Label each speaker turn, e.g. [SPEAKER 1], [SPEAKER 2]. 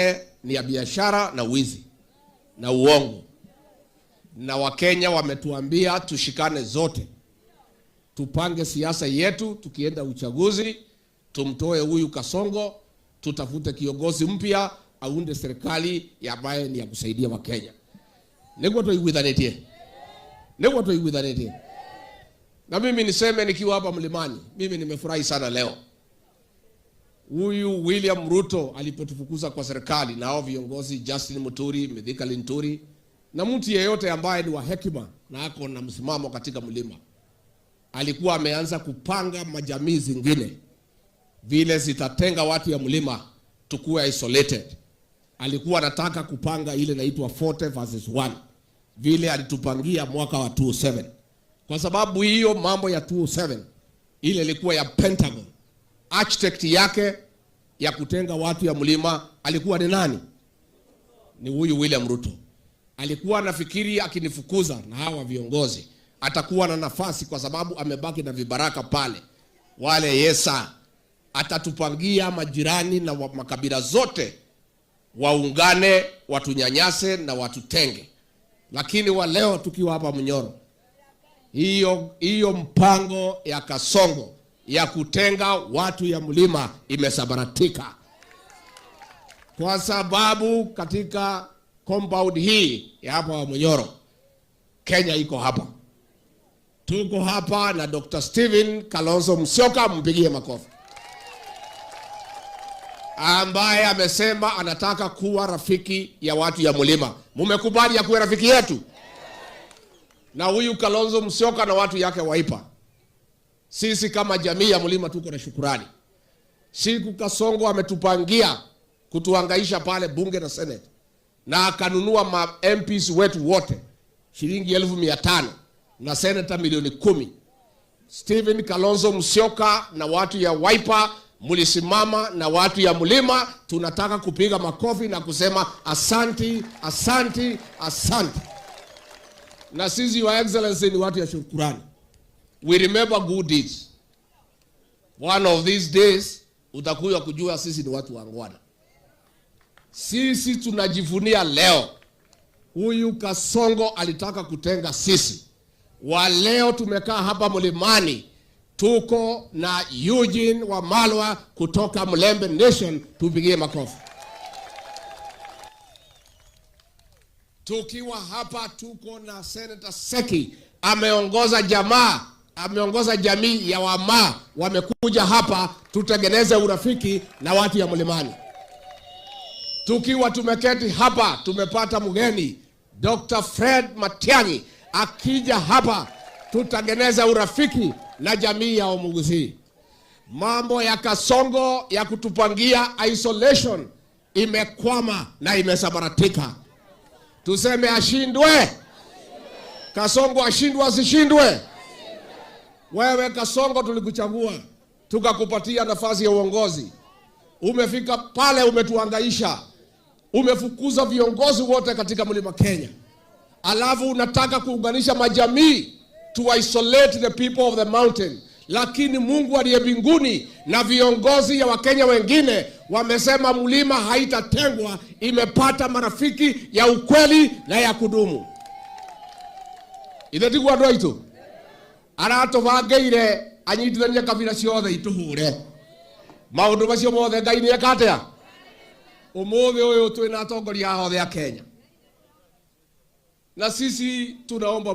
[SPEAKER 1] Eh, ni ya biashara na wizi na uongo, na Wakenya wametuambia tushikane zote, tupange siasa yetu, tukienda uchaguzi tumtoe huyu Kasongo, tutafute kiongozi mpya aunde serikali ambaye ni ya kusaidia Wakenya. niko toiguithanetie niko toiguithanetie. Na mimi niseme nikiwa hapa mlimani, mimi nimefurahi sana leo huyu William Ruto alipotufukuza kwa serikali na hao viongozi Justin Muturi, Mithika Linturi na mtu yeyote ambaye ni wa hekima na ako na msimamo katika mlima, alikuwa ameanza kupanga majamii zingine vile zitatenga watu ya mlima tukuwe isolated. Alikuwa anataka kupanga ile inaitwa 40 versus 1 vile alitupangia mwaka wa 27 kwa sababu hiyo mambo ya 27 ile ilikuwa ya Pentagon architect yake ya kutenga watu ya mlima alikuwa ni nani? Ni huyu William Ruto. Alikuwa anafikiri akinifukuza na hawa viongozi atakuwa na nafasi, kwa sababu amebaki na vibaraka pale wale Yesa, atatupangia majirani na makabila zote waungane, watunyanyase na watutenge. Lakini wa leo tukiwa hapa Mnyoro, hiyo hiyo mpango ya Kasongo ya kutenga watu ya mlima imesabaratika, kwa sababu katika compound hii ya hapa Munyoro, Kenya iko hapa. Tuko hapa na Dr. Steven Kalonzo Musyoka, mpigie makofi, ambaye amesema anataka kuwa rafiki ya watu ya mlima. Mumekubali ya kuwa rafiki yetu? Na huyu Kalonzo Musyoka na watu yake waipa sisi kama jamii ya mlima tuko na shukurani. Siku Kasongo ametupangia kutuangaisha pale bunge na senate na akanunua ma MPs wetu wote shilingi elfu mia tano na senata milioni kumi. Stephen Kalonzo Musyoka na watu ya Wiper mlisimama na watu ya mlima, tunataka kupiga makofi na kusema asanti, asanti, asanti. Na sisi wa excellency ni watu ya shukurani we remember good deeds. One of these days utakuja kujua sisi ni watu wangwana. Sisi tunajivunia leo, huyu Kasongo alitaka kutenga sisi. Wa leo tumekaa hapa mlimani, tuko na Eugene wa Malwa kutoka Mlembe Nation, tupigie makofi. Tukiwa hapa tuko na Senator Seki ameongoza jamaa ameongoza jamii ya Wamaa, wamekuja hapa tutengeneze urafiki na watu ya mlimani. Tukiwa tumeketi hapa, tumepata mgeni Dr. Fred Matiang'i. Akija hapa, tutengeneza urafiki na jamii ya Omuguzi. Mambo ya Kasongo ya kutupangia isolation imekwama na imesambaratika. Tuseme ashindwe Kasongo, ashindwe asishindwe wewe Kasongo, tulikuchagua tukakupatia nafasi ya uongozi, umefika pale, umetuangaisha, umefukuza viongozi wote katika mlima Kenya, alafu unataka kuunganisha majamii to isolate the people of the mountain. Lakini Mungu aliye mbinguni na viongozi ya Wakenya wengine wamesema mlima haitatengwa, imepata marafiki ya ukweli na ya kudumu. ithetiguandu aratubangeire anyitithania kabira ciothe ituhure maundu macio mothe ngai ni ekatea umuthi uyu twina atongoria othe a Kenya na sisi tunaomba